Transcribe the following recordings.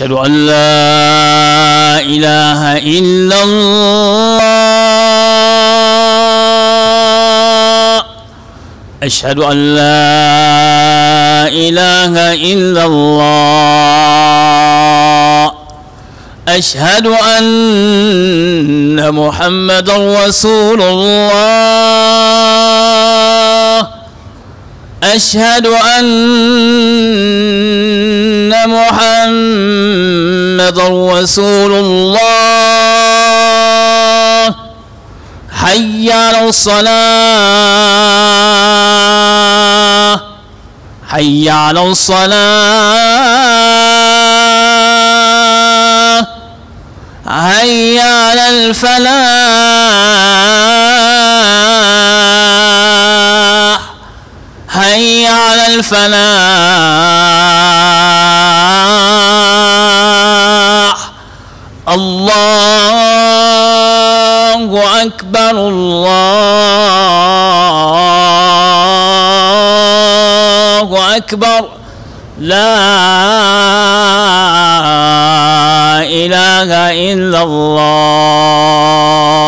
أشهد ان لا اله الا الله اشهد ان لا اله الا الله اشهد ان محمدا رسول الله اشهد ان أن محمد رسول الله حي على الصلاة حي على الصلاة حي على الفلاح على الفلاح الله أكبر الله أكبر لا إله إلا الله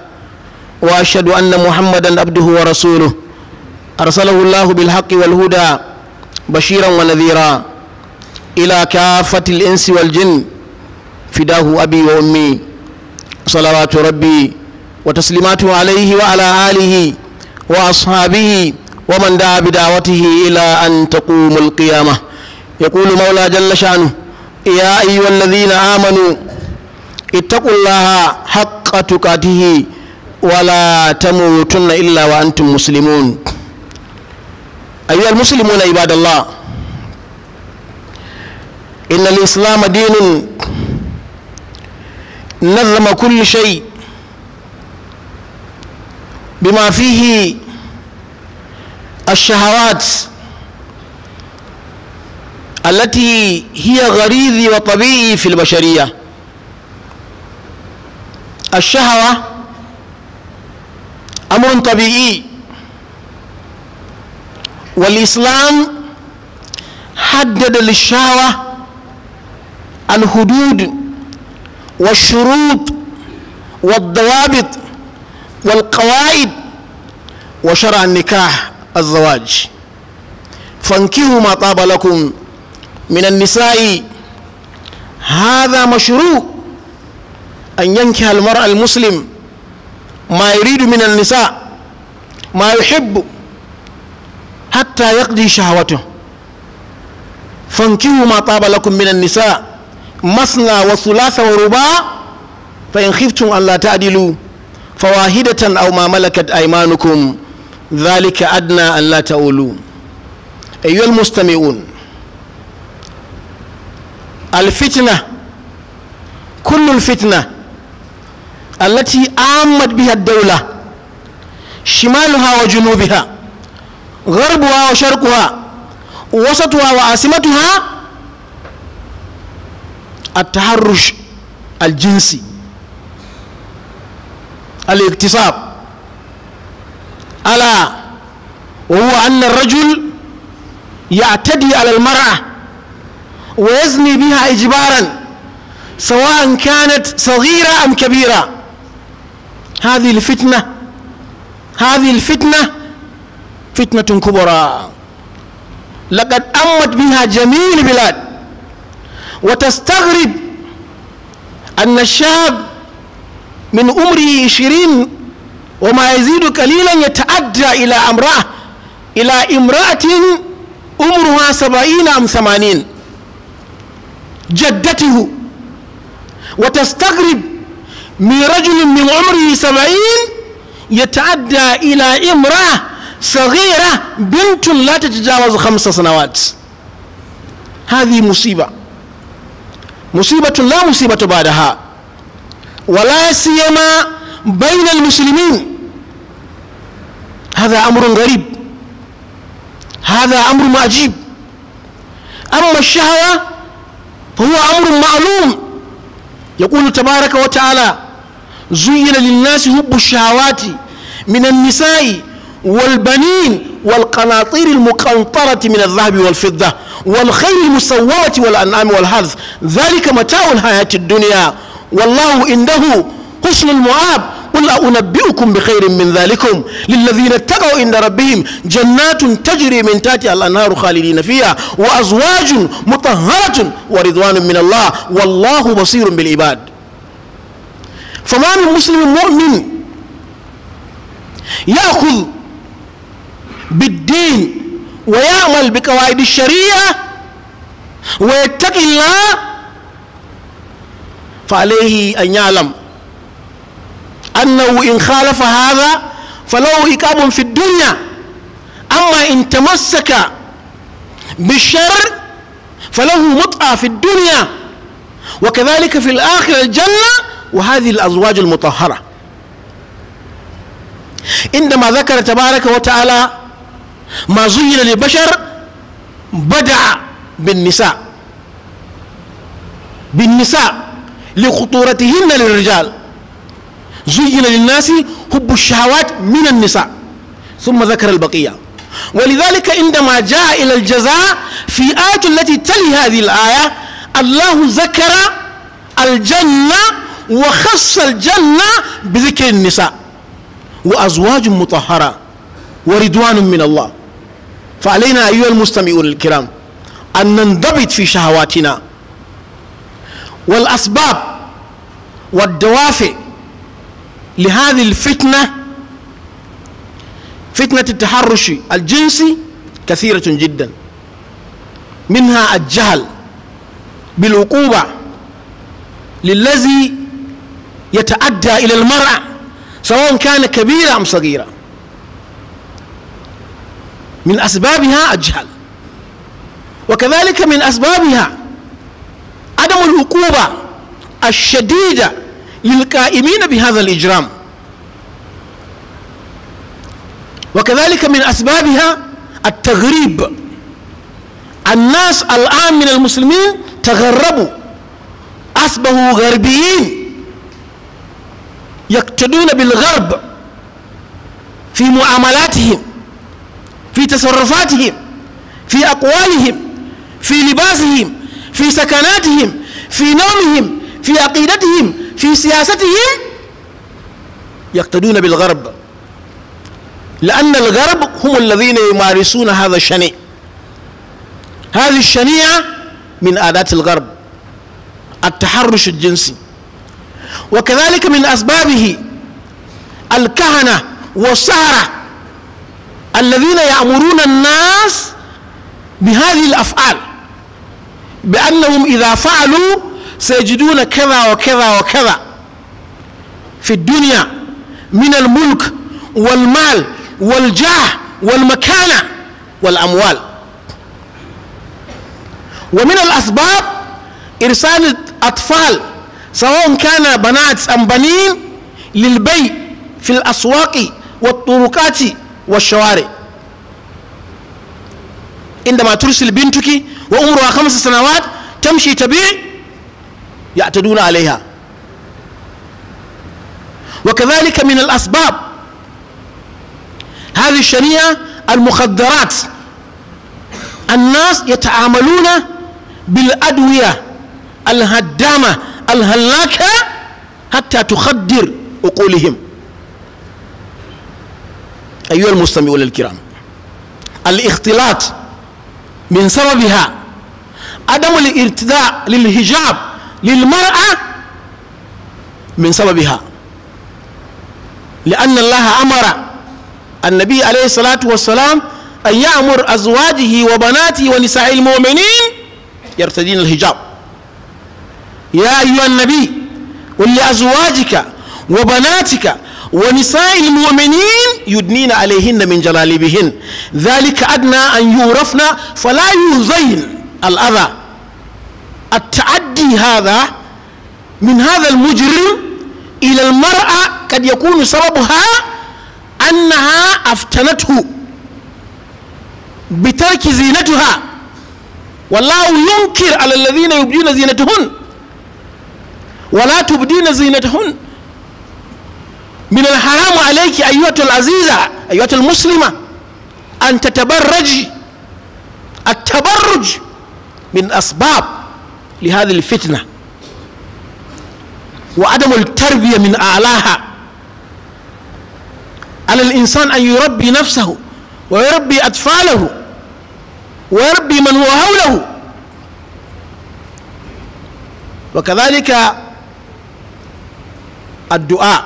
واشهد ان محمدا عبده ورسوله ارسله الله بالحق والهدى بشيرا ونذيرا الى كافه الانس والجن فداه ابي وامي صلوات ربي وتسليماته عليه وعلى اله واصحابه ومن دعا بدعوته الى ان تقوم القيامه يقول مولى جل شانه يا ايها الذين امنوا اتقوا الله حق تقاته ولا تموتن إلا وأنتم مسلمون أيها المسلمون عباد الله إن الإسلام دين نظم كل شيء بما فيه الشهوات التي هي غريزي وطبيعي في البشرية الشهوة امر طبيعي والاسلام حدد للشهوه الحدود والشروط والضوابط والقواعد وشرع النكاح الزواج فانكحوا ما طاب لكم من النساء هذا مشروع أن ينكح المرأة المسلم ma yuridu min nisa ma yuhibbu hatta yaqdi shahawatu fankihu ma taba lakum min nisa masna wa thulatha wa ruba fa in khiftum an la ta'dilu fawahidatan aw ma malakat aymanukum dhalika adna an la ta'ulu ayyuha almustami'un الفتنه كل fitna التي آمت بها الدولة شمالها وجنوبها غربها وشرقها وسطها وعاصمتها التحرش الجنسي الاغتصاب ألا وهو أن الرجل يعتدي على المرأة ويزني بها إجبارا سواء كانت صغيرة أم كبيرة هذه الفتنة هذه الفتنة فتنة كبرى لقد أمت بها جميع البلاد وتستغرب أن الشاب من عمره عشرين وما يزيد قليلا يتعدى إلى امرأة إلى امرأة عمرها سبعين أم ثمانين جدته وتستغرب من رجل من عمره سبعين يتعدى إلى امرأة صغيرة بنت لا تتجاوز خمس سنوات هذه مصيبة مصيبة لا مصيبة بعدها ولا سيما بين المسلمين هذا أمر غريب هذا أمر عجيب أما الشهوة فهو أمر معلوم يقول تبارك وتعالى زين للناس هب الشهوات من النساء والبنين والقناطير المقنطرة من الذهب والفضة والخير المسومة والأنعام والحرث ذلك متاع الحياة الدنيا والله عنده حسن المعاب قل أنبئكم بخير من ذلكم للذين اتقوا عند ربهم جنات تجري من تحتها الأنهار خالدين فيها وأزواج مطهرة ورضوان من الله والله بصير بالعباد فما من مسلم مؤمن يأخذ بالدين ويعمل بقواعد الشريعة ويتقي الله فعليه أن يعلم أنه إن خالف هذا فله عقاب في الدنيا أما إن تمسك بالشر فله مطأ في الدنيا وكذلك في الآخرة الجنة وهذه الأزواج المطهرة عندما ذكر تبارك وتعالى ما زين للبشر بدع بالنساء بالنساء لخطورتهن للرجال زين للناس حب الشهوات من النساء ثم ذكر البقية ولذلك عندما جاء إلى الجزاء في آية التي تلي هذه الآية الله ذكر الجنة وخص الجنة بذكر النساء وأزواج مطهرة ورضوان من الله فعلينا أيها المستمعون الكرام أن ننضبط في شهواتنا والأسباب والدوافع لهذه الفتنة فتنة التحرش الجنسي كثيرة جدا منها الجهل بالعقوبة للذي يتأدى إلى المرأة سواء كان كبيرة أم صغيرة من أسبابها الجهل وكذلك من أسبابها عدم العقوبة الشديدة للقائمين بهذا الإجرام وكذلك من أسبابها التغريب الناس الآن من المسلمين تغربوا أصبحوا غربيين يقتدون بالغرب في معاملاتهم في تصرفاتهم في أقوالهم في لباسهم في سكناتهم في نومهم في عقيدتهم في سياستهم يقتدون بالغرب لأن الغرب هم الذين يمارسون هذا الشنيع هذه الشنيعة من آدات الغرب التحرش الجنسي وكذلك من أسبابه الكهنة والسهرة الذين يأمرون الناس بهذه الأفعال بأنهم إذا فعلوا سيجدون كذا وكذا وكذا في الدنيا من الملك والمال والجاه والمكانة والأموال ومن الأسباب إرسال أطفال سواء كان بنات أم بنين للبيع في الأسواق والطرقات والشوارع عندما ترسل بنتك وعمرها خمس سنوات تمشي تبيع يعتدون عليها وكذلك من الأسباب هذه الشريعة المخدرات الناس يتعاملون بالأدوية الهدامة الهلاك حتى تخدر عقولهم أيها المستمعون الكرام الاختلاط من سببها عدم الارتداء للحجاب للمرأة من سببها لأن الله أمر النبي عليه الصلاة والسلام أن يأمر أزواجه وبناته ونساء المؤمنين يرتدين الحجاب يا أيها النبي قل لأزواجك وبناتك ونساء المؤمنين يدنين عليهن من جلالبهن ذلك أدنى أن يورفنا فلا يؤذين الأذى التعدي هذا من هذا المجرم إلى المرأة قد يكون سببها أنها أفتنته بترك زينتها والله ينكر على الذين يبدون زينتهن ولا تبدين زينتهن من الحرام عليك أيها العزيزة أيها المسلمة أن تتبرجي التبرج من أسباب لهذه الفتنة وعدم التربية من أعلاها على الإنسان أن يربي نفسه ويربي أطفاله ويربي من هو حوله وكذلك الدعاء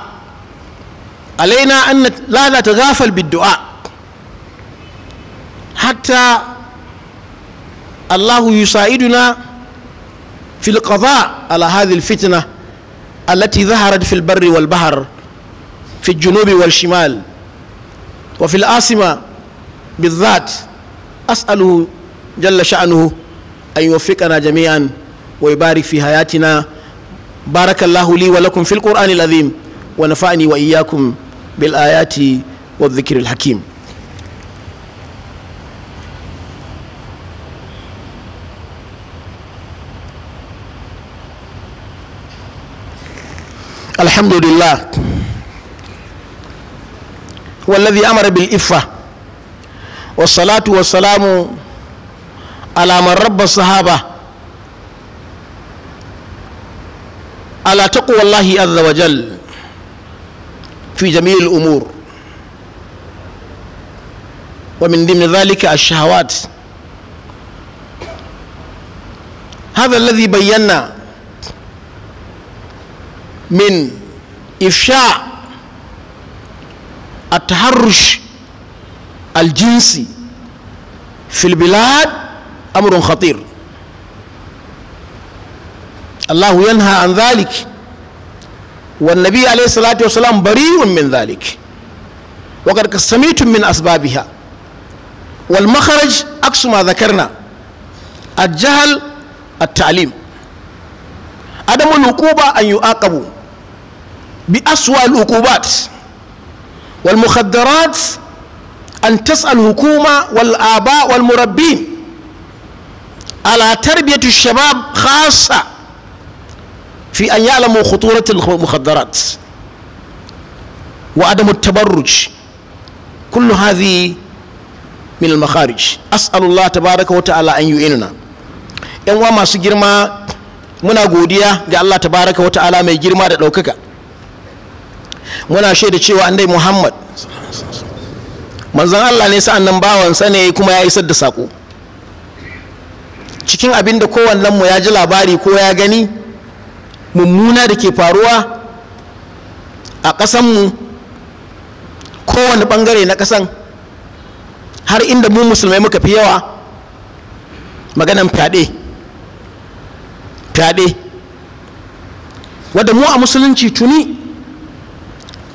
علينا أن لا نتغافل بالدعاء حتى الله يساعدنا في القضاء على هذه الفتنة التي ظهرت في البر والبحر في الجنوب والشمال وفي العاصمة بالذات أسأله جل شأنه أن يوفقنا جميعا ويبارك في حياتنا بارك الله لي ولكم في القرآن العظيم ونفعني وإياكم بالآيات والذكر الحكيم الحمد لله والذي أمر بالإفة والصلاة والسلام على من رب الصحابة على تقوى الله عز وجل في جميع الأمور ومن ضمن ذلك الشهوات هذا الذي بينا من إفشاء التحرش الجنسي في البلاد أمر خطير Allahu yanha an zalik wan nabi alaihi salatu wasalam bari'un min zalik wa qad kasamitum min asbabiha wal makharaj aksu ma dhakarna الجهل التعليم عدم العقوبة أن يعاقبوا بأسوأ العقوبات والمخدرات أن تسأل الحكومة والآباء والمربين على تربية الشباب خاصة fi an ya'lamu khuturatul mukhaddarat wa adamu tabarruj kullu hadhihi min al-makharij as'alullah tabaraka wa ta'ala an yu'inna yan uwa masu girma muna godiya ga Allah tabaraka wa ta'ala mai girma da ɗaukaka muna shaida cewa annabi Muhammad manzon Allah ne sa'an nan bawansa ne kuma ya isar da sako cikin abin da kowannen mu ya ji labari ko ya gani mummuna da ke faruwa a ƙasanmu kowane ɓangare na ƙasan har inda mu musulmai muka fi yawa maganan fyaɗe fyaɗe wadda mu a musulunci tuni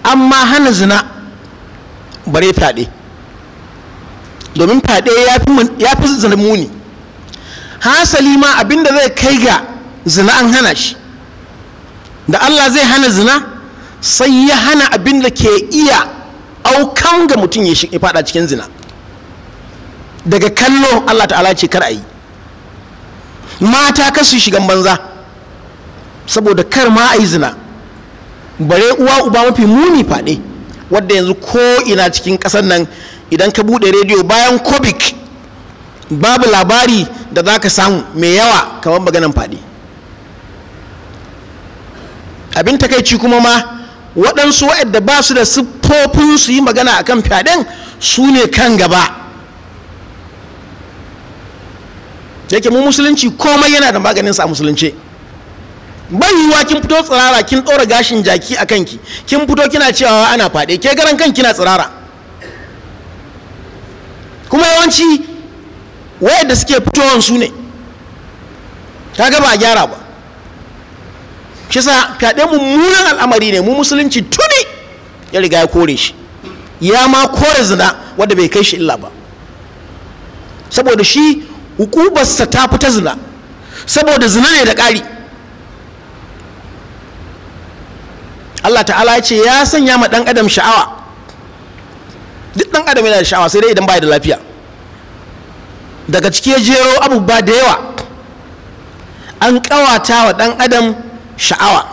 an ma hana zina bare fyaɗe domin fyaɗe ya fi zina muni hasali ma abinda zai kai ga zina an hana shi da Allah zai hana zina sai ya hana abin da ke iya aukan ga mutum ya fada cikin zina daga kallo Allah ta'ala ce kar a yi mata ka su shigan banza saboda kar ma a yi zina bare uwa uba mafi muni faɗe wadda yanzu ko ina cikin ƙasar nan idan ka buɗe rediyo bayan kobik babu labari da za ka samu mai yawa kamar maganan faɗi abin takaici kuma ma waɗansu da ba su da siffofin su yi magana akan fyaɗen su ne kan gaba yake mu musulunci komai yana da maganin sa musulunci bai yiwuwa kin fito tsirara kin ɗora gashin jaki a kanki kin fito kina cewa ana faɗe ke garan kan kina tsirara kuma yawanci wayar da suke fitowan su ne ta gaba a gyara ba shi sa fyaɗe mummunan al'amari ne mu musulunci tuni ya riga ya kore shi ya ma kore zina wanda bai kai shi illa ba saboda shi hukubarsa ta fita zina saboda zina ne da ƙari Allah ta'ala ya ce ya sanya ma ɗan adam sha'awa duk ɗan adam yana da sha'awa sai dai idan ba da lafiya daga ciki ya jero abubuwa da yawa an ƙawata wa ɗan adam sha'awa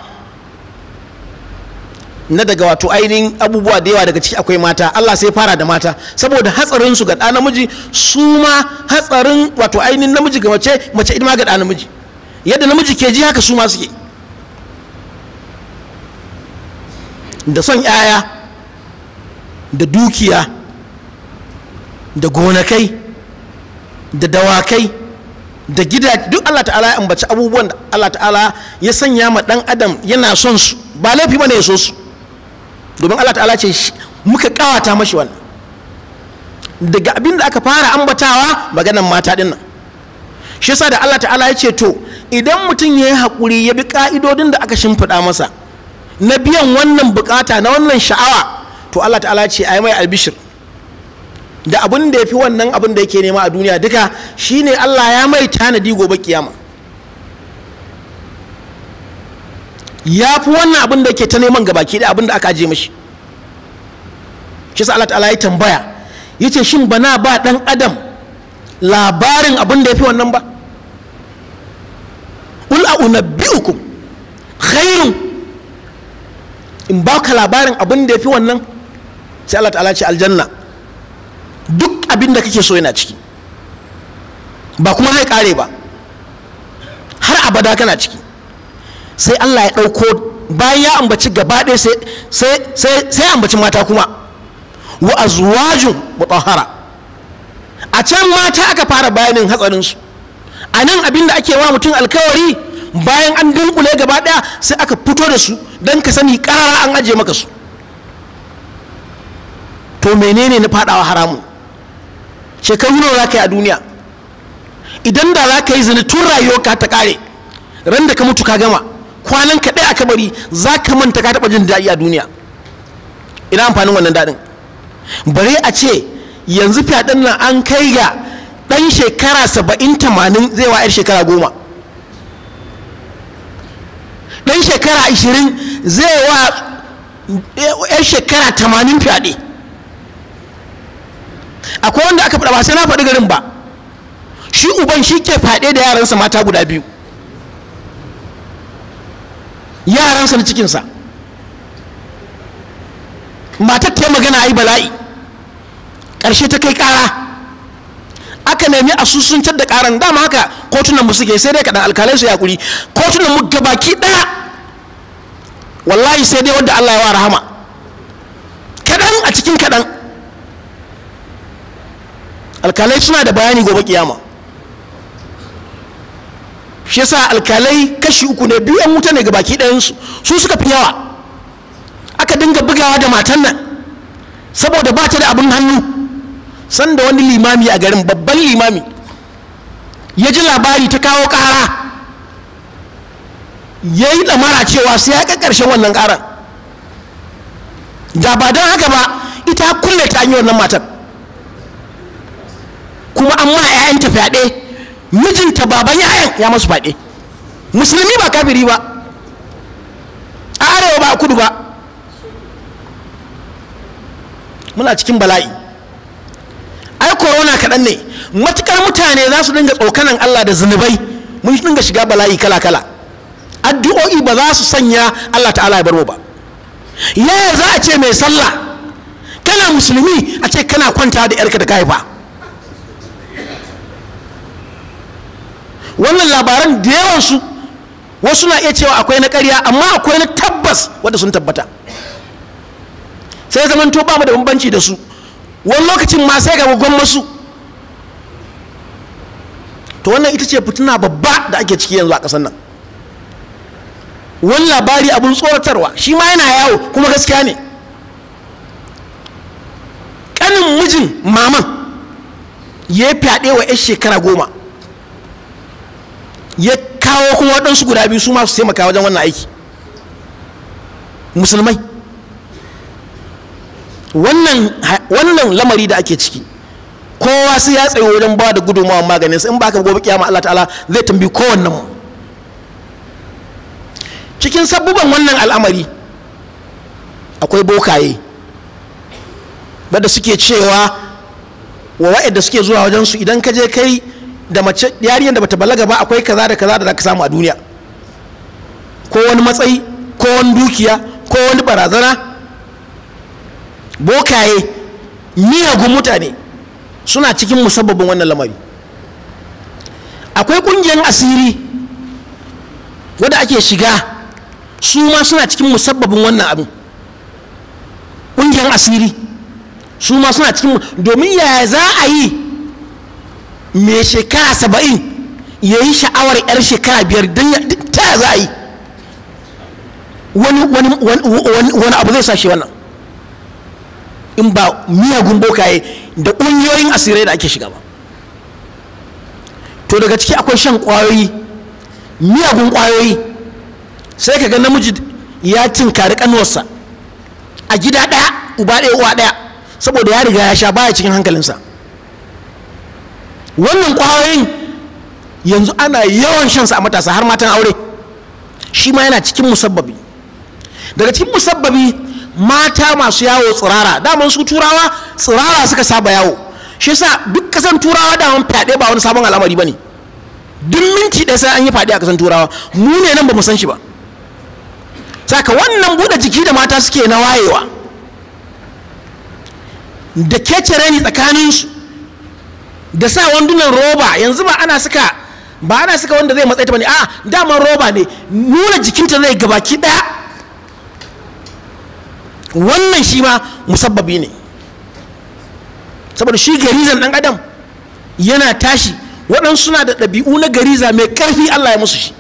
na daga wato ainihin abubuwa da yawa daga ciki akwai mata Allah sai fara da mata saboda hatsarin su ga ɗa namiji su ma hatsarin wato ainihin namiji ga mace mace ma ga ɗa namiji yadda namiji ke ji haka su ma suke da son 'ya'ya da dukiya da gonakai da dawakai da gida duk Allah ta'ala ya ambaci abubuwan da Allah ta'ala ya sanya ma dan adam yana son su ba laifi bane ya so su domin Allah ta'ala ce muka kawata mashi wannan daga abin da aka fara ambatawa maganan mata din nan shi yasa da Allah ta'ala ya ce to idan mutum ya yi haƙuri ya bi ka'idodin da aka shimfiɗa masa na biyan wannan bukata na wannan sha'awa to Allah ta'ala ce ayi mai albishir da abin da ya fi wannan abin da yake nema a duniya duka shine Allah ya mai tanadi gobe kiyama ya fi wannan abin da yake ta neman gabaki da abin da aka aje mashi shi sa Allah ta'ala ya tambaya yace shin bana ba dan adam labarin abin da ya fi wannan ba qul a unabbiukum khairun in ba ka labarin abin da ya fi wannan sai Allah ta'ala ce aljanna duk abin da kake so yana ciki ba kuma zai kare ba har abada kana ciki sai Allah ya ɗauko bayan ya ambaci gaba ɗaya sai ya ambaci mata kuma wa azwajun mutahhara a can mata aka fara bayanin hatsarinsu a nan abin da ake wa mutum alkawari bayan an dunkule gaba ɗaya sai aka fito da su don ka sani ƙarara an aje maka su to menene na faɗawa haramun shekaru nawa za ka yi a duniya idan da za ka yi zini tun rayuwarka ta kare ran da ka mutu ka gama kwanan ka ɗaya a kabari za ka manta ka taɓa jin daɗi a duniya ina amfanin wannan daɗin bare a ce yanzu fyaɗin nan an kai ga ɗan shekara saba'in tamanin zai wa 'yar shekara goma ɗan shekara ashirin zai wa 'yar shekara tamanin fyaɗe akwai wanda aka faɗa ba sai na faɗi garin ba shi uban shi ke faɗe da yaransa mata guda biyu yaransa na cikinsa matar ta yi magana yi bala'i ƙarshe ta kai ƙara aka nemi a susuncar da ƙaran dama haka kotunan mu suke sai dai kaɗan alkalai su yaƙuri kotunan mu baki ɗaya wallahi sai dai wadda Allah ya wa rahama kaɗan a cikin kaɗan alkalai suna da bayani gobe kiyama shi yasa alkalai kashi uku ne biyu yan wuta ne ga baki ɗayansu su suka fi yawa aka dinga bugawa da matan nan saboda ba ta da abin hannu sanda wani limami a garin babban limami ya ji labari ta kawo ƙara ya yi ɗamara cewa sai ya ƙarshen wannan ƙaran da ba don haka ba ita kulle ta hanyar wannan matan. kuma an ma 'ya'yanta fyaɗe mijinta baban 'ya'yan ya masu fyaɗe musulmi ba kafiri ba a arewa ba a kudu ba muna cikin bala'i ai korona kaɗan ne matukar mutane za su dinga tsokanan allah da zunubai mun dinga shiga bala'i kala-kala addu'o'i ba za su sanya allah ta'ala ya bar mu ba yaya za a ce mai sallah kana musulmi a ce kana kwanta da yarka da ka haifa wannan labaran da yawansu wasu na iya cewa akwai na ƙarya amma akwai na tabbas wanda sun tabbata sai zamanto ba mu da bambanci da su wani lokacin ma sai ga gwammasu to wannan ita ce fituna babba da ake ciki yanzu a ƙasar nan wani labari abun tsoratarwa shi ma yana yawo kuma gaskiya ne ƙanin mijin maman ya fyaɗe wa 'yan shekara goma ya kawo kuma waɗansu guda biyu su masu taimaka wajen wannan aiki musulmai wannan lamari da ake ciki kowa sai ya tsaye wajen ba da gudunmawa maganin in baka gobe kiyama Allah ta'ala zai tambi kowannen mu cikin sabubban wannan al'amari akwai bokaye da suke cewa wa da suke zuwa wajen su idan ka je kai da mace yariyar da bata balaga ba akwai kaza da kaza da za ka samu a duniya ko wani matsayi ko wani dukiya ko wani barazana bokaye miyagun mutane suna cikin musabbabin wannan lamari akwai ƙungiyar asiri wadda ake shiga su ma suna cikin musabbabin wannan abin ƙungiyar asiri su ma suna cikin domin yaya za a yi mai shekara saba'in ya yi sha'awar 'yar shekara biyar don ta za a yi wani abu zai sashe wannan in ba miyagun bokaye da ƙungiyoyin asirai da ake shiga ba to daga ciki akwai shan ƙwayoyi miyagun ƙwayoyi sai ka ga namiji ya tinkari ƙanuwarsa a gida ɗaya uba ɗaya uwa ɗaya saboda ya riga ya sha baya cikin hankalinsa wannan kwayoyin yanzu ana yawan shansa a matasa har matan aure shi ma yana cikin musabbabi daga cikin musabbabi mata masu yawo tsirara daman su turawa tsirara suka saba yawo shi yasa duk kasan turawa daman fyaɗe ba wani sabon al'amari ba ne duk minti ɗaya sai an yi fyaɗe a kasan turawa mu ne nan ba mu san shi ba saka wannan buɗe jiki da mata suke na wayewa da kecere ni tsakaninsu da sa wandunan roba yanzu ba ana saka ba ana saka wanda zai matsaita bane a'a daman roba ne nuna jikinta zai gabaki daya wannan shi ma musabbabi ne saboda shi garizan dan adam yana tashi waɗansu suna da ɗabi'u na gariza mai ƙarfi Allah ya musu shi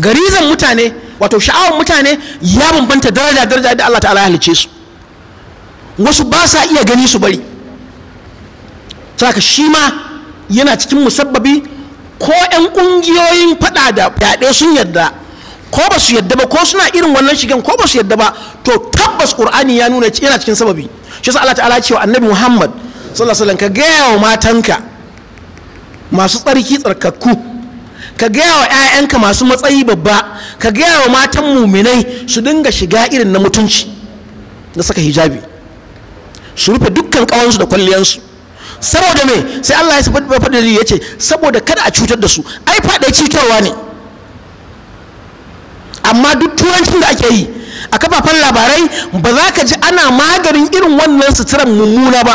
garizan mutane wato sha'awar mutane ya bambanta daraja daraja da Allah ta'ala ya halice su wasu ba sa iya gani su bari ta shi ma yana cikin musabbabi ko 'yan ƙungiyoyin faɗa da fyaɗe sun yadda ko ba su yadda ba ko suna irin wannan shigan ko ba su yadda ba to tabbas ƙur'ani ya nuna yana cikin sababi shi yasa Allah ta'ala cewa annabi Muhammad sallallahu alaihi ka gaya wa matanka masu tsarki tsarkakku ka gaya wa 'ya'yanka masu matsayi babba ka gaya wa matan muminai su dinga shiga irin na mutunci na saka hijabi su rufe dukkan ƙawansu da kwalliyansu saboda me sai Allah ya fa dalili ya ce saboda kada a cutar da su ai faɗa cutarwa ne amma duk turancin da ake yi a kafafen labarai ba za ka ji ana maganin irin wannan suturan mummuna ba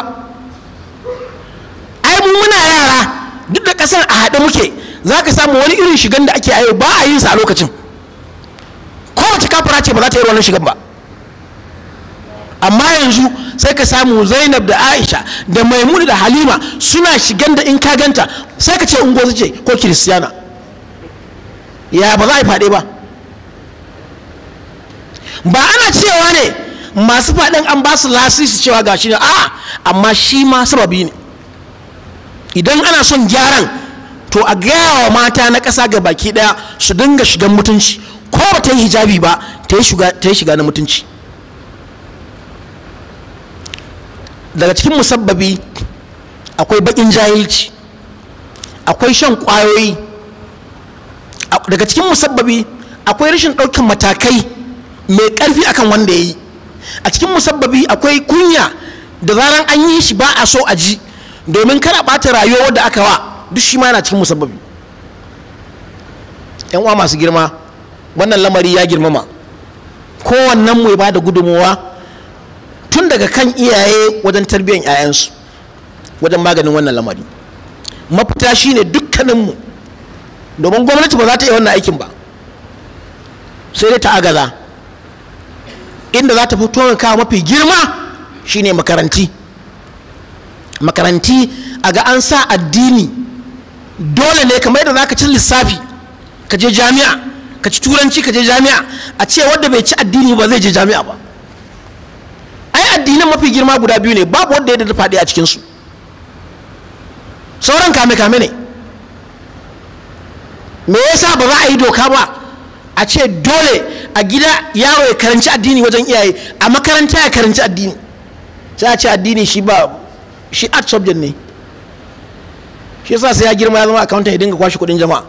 ai mun muna yara duk da kasar a haɗe muke za ka samu wani irin shigan da ake ayo ba a yin sa a lokacin kowace kafara ce ba za ta yi wannan shigan ba amma yanzu sai ka samu zainab da aisha da maimuna da halima suna shigan da in ka ganta sai ka ce ungo ce ko kiristiyana ya ba za a yi faɗe ba ba ana cewa ne masu faɗin an ba su lasisi cewa ga shi ne a amma shi ma sababi ne idan ana son gyaran to a gaya wa mata na ƙasa ga baki ɗaya su dinga shigan mutunci ko ba ta yi hijabi ba ta yi shiga na mutunci daga cikin musabbabi akwai baƙin jahilci akwai shan ƙwayoyi daga cikin musabbabi akwai rashin ɗaukan matakai mai ƙarfi akan wanda ya yi a cikin musabbabi akwai kunya da zaran an yi shi ba a so a ji domin kar a ɓata rayuwar da aka wa duk shi ma yana cikin musabbabi yan uwa masu girma wannan lamari ya girmama kowannen mu ya ba da tun daga kan iyaye wajen tarbiyyar 'ya'yansu wajen maganin wannan lamari mafita shine dukkaninmu domin gwamnati ba za ta iya wannan aikin ba sai dai ta agaza inda za ta fito kawo mafi girma shine makaranti makaranti a ga an sa addini dole ne kamar yadda za ka ci lissafi ka je jami'a ka ci turanci ka je jami'a a ce wadda bai ci addini ba zai je jami'a ba addinan mafi girma guda biyu ne babu wanda ya da faɗi a cikinsu sauran kame-kame ne me yasa ba za a yi doka ba a ce dole a gida yawo ya karanci addini wajen iyaye a makaranta ya karanci addini sai a ce addini shi ba shi art subject ne shi yasa sai ya girma ya zama accountant ya dinga kwashe kuɗin jama'a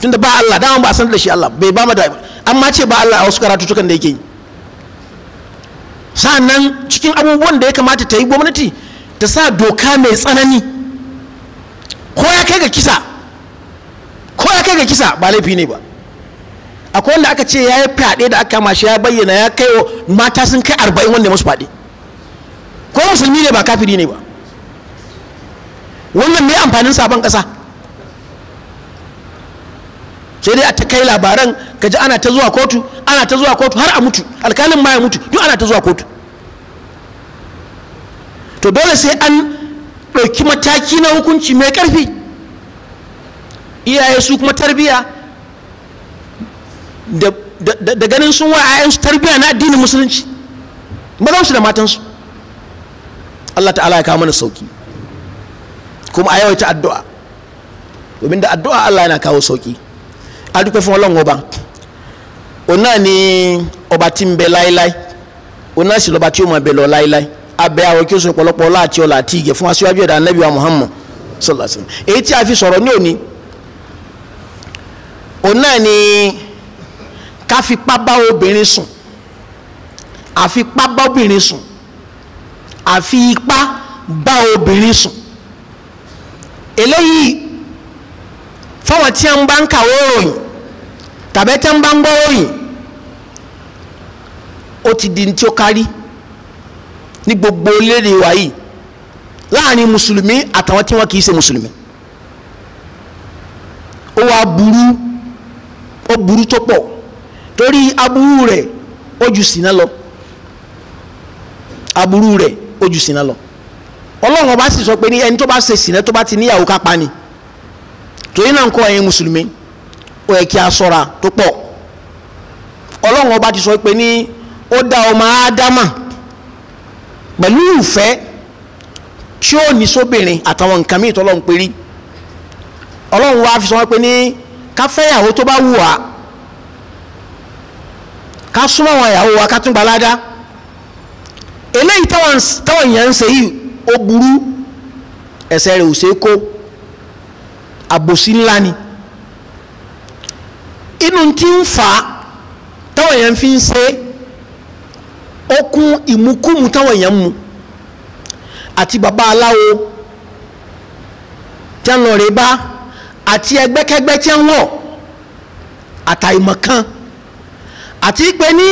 tunda ba Allah dama ba a san da shi Allah bai ba mu da amma ce ba Allah a wasu karatu tukan da yake yi sa'annan cikin abubuwan da ya kamata ta yi gwamnati ta sa doka mai tsanani ko ya kai ga kisa ko ya kai ga kisa ba laifi ne ba akwai wanda aka ce ya yi fyaɗe da aka mashi ya bayyana ya kai mata sun kai arba'in wanda masu fyaɗe ko musulmi ne ba kafiri ne ba wannan mai amfanin sabon ƙasa sai dai a ta kai labaran ka ji ana ta zuwa kotu ana ta zuwa kotu har a mutu alkalin ma ya mutu duk ana ta zuwa kotu to dole sai an ɗauki mataki na hukunci mai ƙarfi iyaye su kuma tarbiya da ganin sun wa su tarbiya na addinin musulunci mazansu da matansu Allah ta'ala ya kawo mana sauki kuma a yawaita addu'a domin da addu'a Allah yana kawo sauki adúpẹ́ fún ọlọ́run ọba òun náà ni ọba tí ń bẹ láéláé òun náà sì lọ́ba tí ó máa bẹ lọ láéláé abẹ àwọn kí ó so pọ̀lọpọ̀ ọlá àti ọlá àti ìgẹ̀ fún aṣíwájú ẹ̀dá Ànábì wa Muhammad sallallahu alaihi wasallam èyí tí a fi sọ̀rọ̀ ní òní òun náà ni ká bá obìnrin sùn àfipá bá obìnrin sùn àfi ipá bá obìnrin sùn eléyìí fáwọn tí wọn bá ń kàwé òròyìn tàbẹ́tẹ́ ń bá ń gbọ́ ròyìn ó ti di tí ó kárí ní gbogbo léde wa yìí láàrin mùsùlùmí àtàwọn tí wọn kì í ṣe mùsùlùmí ó wá burú ó burú tó pọ̀ torí aburú rẹ̀ ó ju sìnà lọ aburú rẹ̀ ó ju sìnà lọ ọlọ́run ọba sì sọ pé ẹni tó bá ṣe sìnà tó bá ti níyàwó kápá ni torí náà ń kọ́ ẹ̀yin mùsùlùmí. ó yẹ kí a ṣọ́ra tó pọ̀ ọlọ́run ọba ti sọ pé ní ó dá ọmọ ádámà pẹ̀lú ìfẹ́ tí ó ní sóbìnrin àtàwọn nǹkan míì tọ́lọ́run pé rí ọlọ́run wa fi sọ pé ní káfẹ́yàwó tó bá wù wá ká súnmọ́ àwọn ìyàwó wa ká tún gba ládá eléyìí táwọn èèyàn ń ṣe yìí ó burú ẹ̀ṣẹ̀ rẹ̀ ò ṣe é kó àbòsí ńlá ni inú tí ń fa táwọn èèyàn fi ń ṣe okun ìmukúmu táwọn èèyàn mu àti bàbá aláwo tí a ń lọ rè bá àti ẹgbẹ́kẹ́gbẹ́ tí a ń wọ̀ àtàìmọ̀ àti pé ní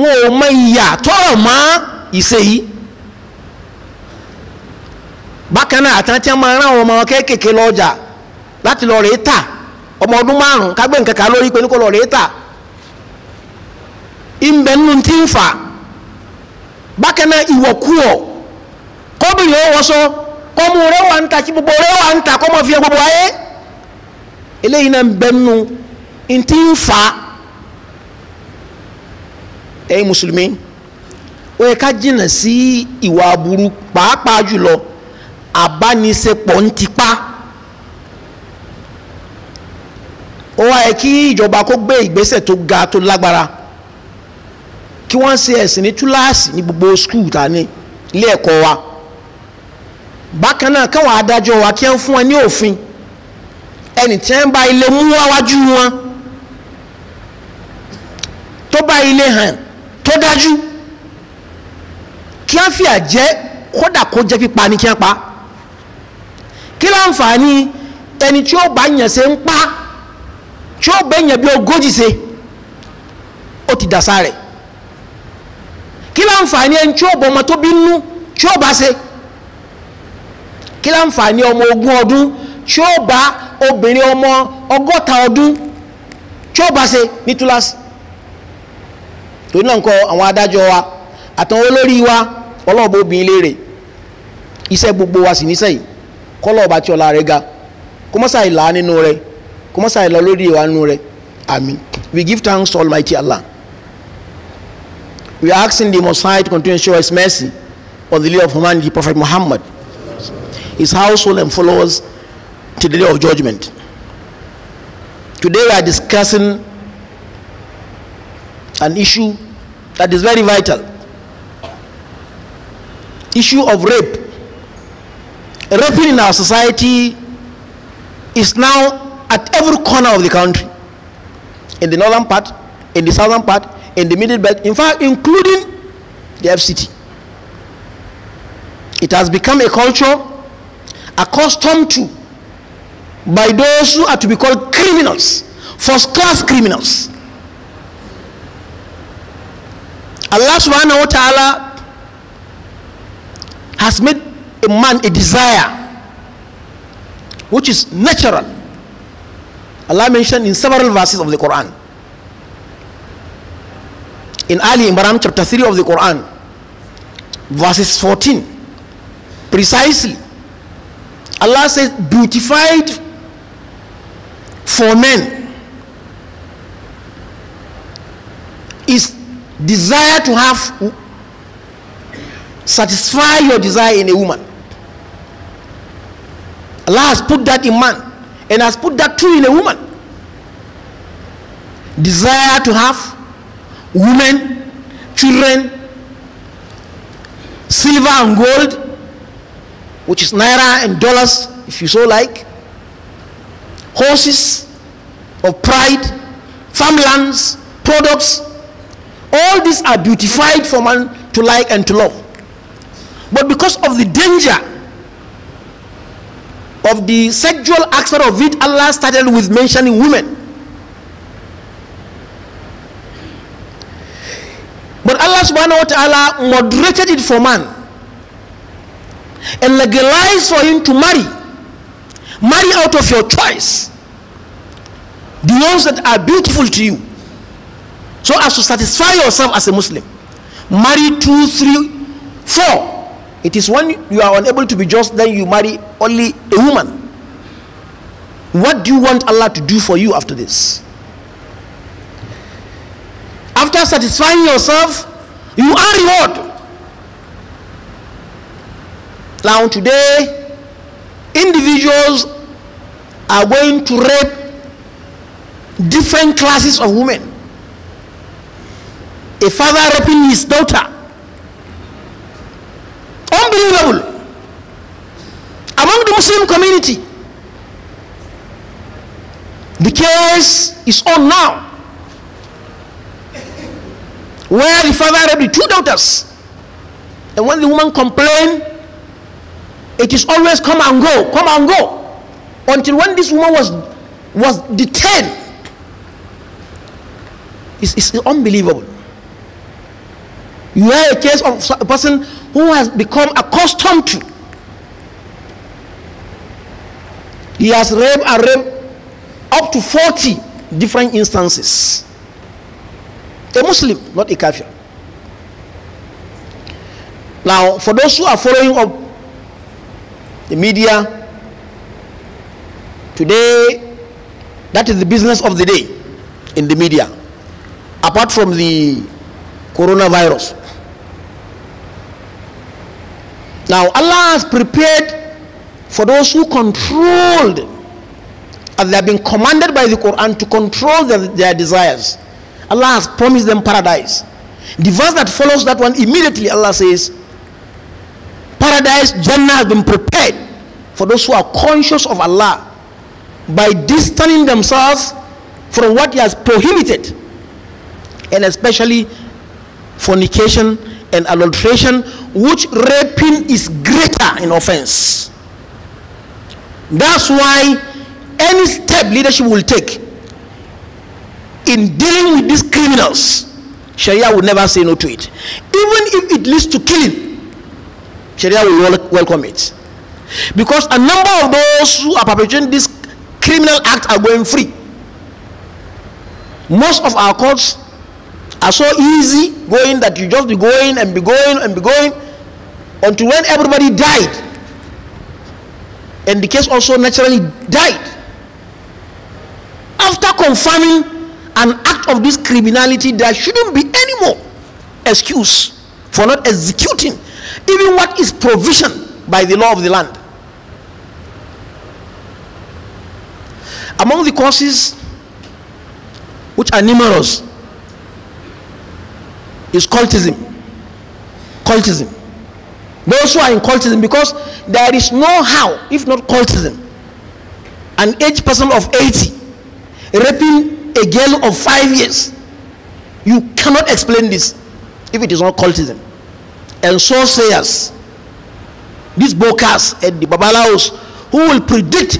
wọn ò mọ ìyà tọrọ mọ́ ìṣe yìí bákan náà àtàntí a máa rán àwọn ọmọ kéékèèké lọ́jà láti lọ rè é tà ọmọ ọdún márùn ká gbé nǹkan kan lórí pé ní kò lọ rèé tà ìmbẹ nínú tí ń fà bákan náà ìwọ̀kúwọ̀ kọ́bìnrin ó wọṣọ kọ́mú rẹ̀ wà ń ta kí gbogbo rẹ̀ wà ń ta kọ́mọ fi gbogbo ayé eléyìí náà ń bẹ nínú tí ń fà ẹ̀yin mùsùlùmí ó yẹ ká jìnnà sí ìwà aburú pàápàá jùlọ àbániṣepọ̀ ń tipa. ó wá yẹ kí ìjọba kó gbé ìgbésẹ̀ tó ga tó lágbára kí wọ́n ṣe ẹ̀sìn ní túláàsì ní gbogbo skul ta ní ilé ẹ̀kọ́ wa bákan náà káwọn adájọ́ wa kí wọ́n fún wọn ní òfin ẹnì tí wọ́n bá ilé mú wáwájú wọn tó bá ilé hàn tó dájú kí wọ́n fìyà jẹ kódà kó jẹ́ pípa ní kí wọ́n pa kí láǹfààní ẹni tí ó bá yàn ṣe ń pa. tí ó gbẹ̀yìn bí ogójì ti dàsá rẹ̀ kí láǹfààní ẹni tí ó bọ ọmọ tó bí nú tí ó bá ṣe ọmọ ogún ọdún tí ó ọmọ ọgọ́ta ọdún tí ó bá ṣe ní túláàsì torí náà nǹkan àwọn adájọ́ wa àtàwọn olórí wa ọlọ́ọ̀bù obìnrin gbogbo wa sì níṣẹ́ yìí rẹ̀ ga kọmọsà ìlọ lórí ìwà rẹ àmín we give thanks to almighty allah we are asking the most high to continue to show his mercy on the leader of humanity prophet muhammad his household and followers to the day of judgment today we are discussing an issue that is very vital issue of rape raping in our society is now at every corner of the country in the northern part, in the southern part, in the middle belt, in fact, including the FCT. It has become a culture accustomed to by those who are to be called criminals, first class criminals. Allah subhanahu wa ta'ala has made a man a desire which is natural Allah mentioned in several verses of the Quran. In Ali Imran chapter 3 of the Quran, verses 14, precisely, Allah says, beautified for men is desire to have satisfy your desire in a woman. Allah has put that in man and has put that true in a woman. Desire to have women, children, silver and gold, which is naira and dollars, if you so like, horses of pride, farmlands, products, all these are beautified for man to like and to love. But because of the danger of the sexual aspect of it, Allah started with mentioning women. But Allah subhanahu wa ta'ala moderated it for man and legalized for him to marry. Marry out of your choice. The ones that are beautiful to you. So as to satisfy yourself as a Muslim. Marry two, three, four it is when you are unable to be just, then you marry only a woman. What do you want Allah to do for you after this? After satisfying yourself, you are rewarded. Now, today, individuals are going to rape different classes of women. A father raping his daughter unbelievable among the Muslim community. The case is on now. Where the father had the two daughters. And when the woman complained, it is always come and go, come and go. Until when this woman was, was detained. It's, it's unbelievable. You have a case of a person who has become accustomed to. He has raped and raped up to 40 different instances. A Muslim, not a kafir. Now, for those who are following up the media, today that is the business of the day in the media, apart from the coronavirus. Now Allah has prepared for those who controlled, as they have been commanded by the Quran to control their, their desires. Allah has promised them paradise. The verse that follows that one immediately Allah says, Paradise, Jannah has been prepared for those who are conscious of Allah by distancing themselves from what He has prohibited, and especially fornication and adulteration, which raping is greater in offense. That's why any step leadership will take in dealing with these criminals, Sharia will never say no to it. Even if it leads to killing, Sharia will welcome it. Because a number of those who are perpetrating this criminal act are going free. Most of our courts are so easy going that you just be going and be going and be going until when everybody died and the case also naturally died after confirming an act of this criminality there shouldn't be any more excuse for not executing even what is provisioned by the law of the land among the causes which are numerous is cultism cultism those who are in cultism because there is no how if not cultism an aged person of eighty raping a girl of five years you cannot explain this if it is not cultism and sorcerers these bokas and the babalawos who will predict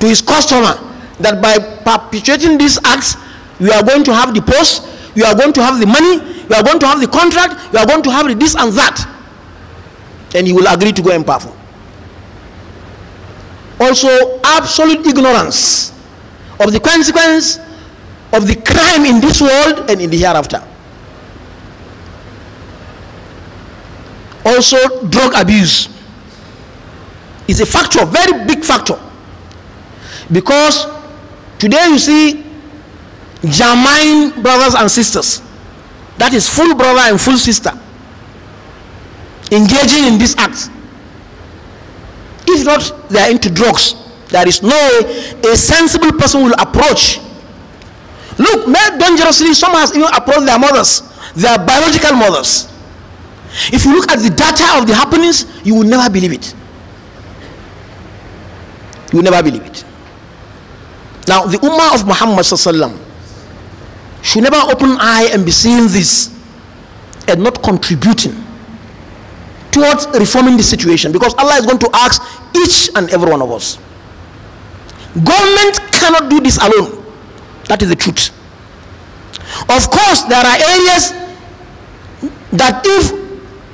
to his customer that by perpetrating these acts you are going to have the post you are going to have the money, you are going to have the contract, you are going to have this and that. And you will agree to go and perform. Also, absolute ignorance of the consequence of the crime in this world and in the hereafter. Also, drug abuse is a factor, very big factor. Because today you see germine brothers and sisters that is full brother and full sister engaging in this act if not they are into drugs there is no way a sensible person will approach look men dangerously some has even approached their mothers their biological mothers if you look at the data of the happenings you will never believe it you will never believe it now the ummah of muhammad sallallahu should never open eye and be seeing this and not contributing towards reforming the situation because Allah is going to ask each and every one of us. Government cannot do this alone. That is the truth. Of course, there are areas that if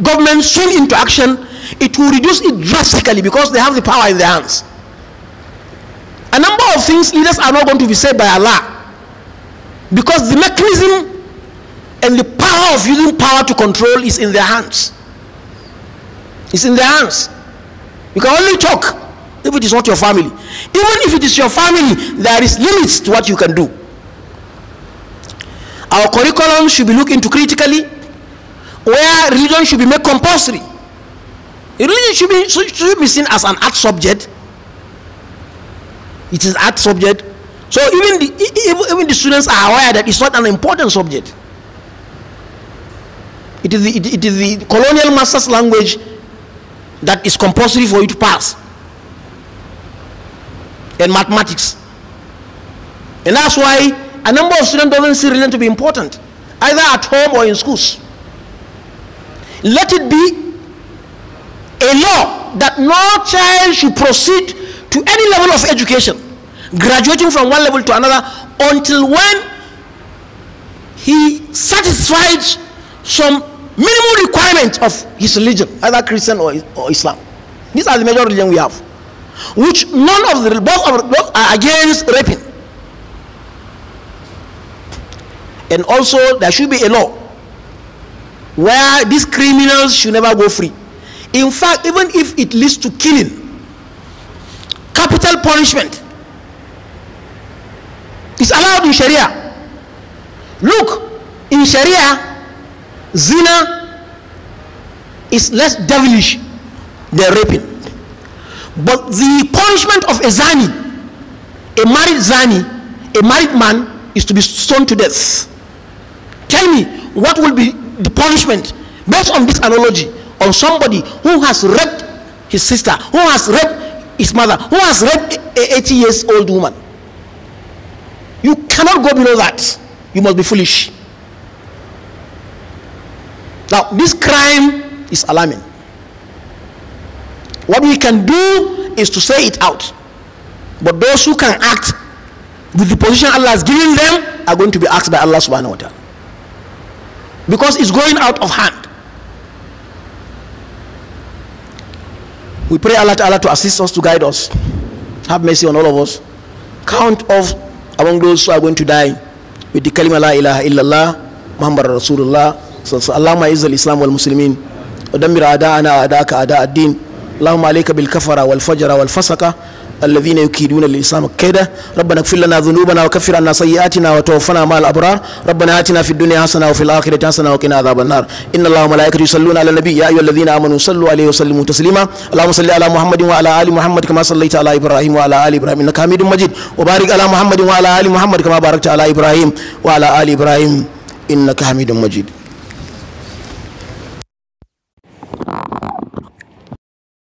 government swing into action, it will reduce it drastically because they have the power in their hands. A number of things leaders are not going to be said by Allah because the mechanism and the power of using power to control is in their hands. It's in their hands. You can only talk if it is not your family. Even if it is your family, there is limits to what you can do. Our curriculum should be looked into critically, where religion should be made compulsory. Religion should be, should be seen as an art subject. It is art subject so even the, even the students are aware that it's not an important subject. It is, the, it, it is the colonial master's language that is compulsory for you to pass. And mathematics. And that's why a number of students doesn't see religion to be important, either at home or in schools. Let it be a law that no child should proceed to any level of education graduating from one level to another until when he satisfied some minimal requirement of his religion, either Christian or, or Islam. These are the major religion we have, which none of the both, of, both are against raping. And also, there should be a law where these criminals should never go free. In fact, even if it leads to killing, capital punishment Is allowed in Sharia. Look, in Sharia, zina is less devilish than raping. But the punishment of a zani, a married zani, a married man, is to be stoned to death. Tell me, what will be the punishment based on this analogy on somebody who has raped his sister, who has raped his mother, who has raped a 80 years old woman? You cannot go below that. You must be foolish. Now, this crime is alarming. What we can do is to say it out. But those who can act with the position Allah has given them are going to be asked by Allah subhanahu wa ta'ala. Because it's going out of hand. We pray Allah to Allah to assist us, to guide us. Have mercy on all of us. Count of. among those who are going to die with the kalima la ilaha illallah muhammad rasulullah allahumma izzal islam wal muslimin ودمر أعداءنا أعداءك أعداء الدين اللهم عليك fajara والفجر fasaka. الذين يكيدون للإسلام كيدا ربنا اغفر لنا ذنوبنا وكفر عنا سيئاتنا وتوفنا مع الأبرار ربنا آتنا في الدنيا حسنة وفي الآخرة حسنة وقنا عذاب النار إن الله وملائكته يصلون على النبي يا أيها الذين آمنوا صلوا عليه وسلموا تسليما اللهم صل على محمد وعلى آل محمد كما صليت على إبراهيم وعلى آل إبراهيم إنك حميد مجيد وبارك على محمد وعلى آل محمد كما باركت على إبراهيم وعلى آل إبراهيم إنك حميد مجيد